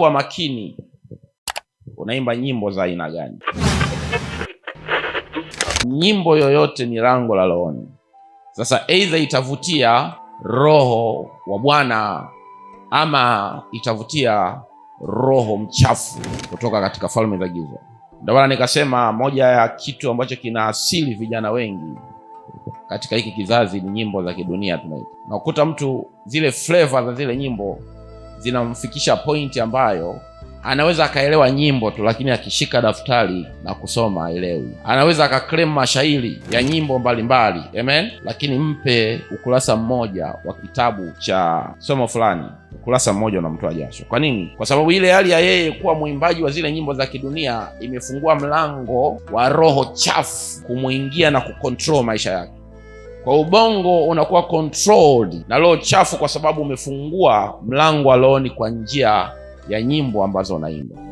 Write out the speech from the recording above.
kuwa makini unaimba nyimbo za aina gani. Nyimbo yoyote ni lango la rohoni. Sasa aidha itavutia roho wa Bwana ama itavutia roho mchafu kutoka katika falme za giza. Ndio maana nikasema moja ya kitu ambacho kinaasili vijana wengi katika hiki kizazi ni nyimbo za kidunia tunaita. Nakuta mtu zile flavor za zile nyimbo zinamfikisha pointi ambayo anaweza akaelewa nyimbo tu, lakini akishika daftari na kusoma aelewi. Anaweza akaklemu mashairi ya nyimbo mbalimbali amen, lakini mpe ukurasa mmoja wa kitabu cha somo fulani, ukurasa mmoja unamtoa jasho. Kwa nini? Kwa sababu ile hali ya yeye kuwa mwimbaji wa zile nyimbo za kidunia imefungua mlango wa roho chafu kumwingia na kukontrol maisha yake kwa ubongo unakuwa controlled na roho chafu, kwa sababu umefungua mlango wa rohoni kwa njia ya nyimbo ambazo unaimba.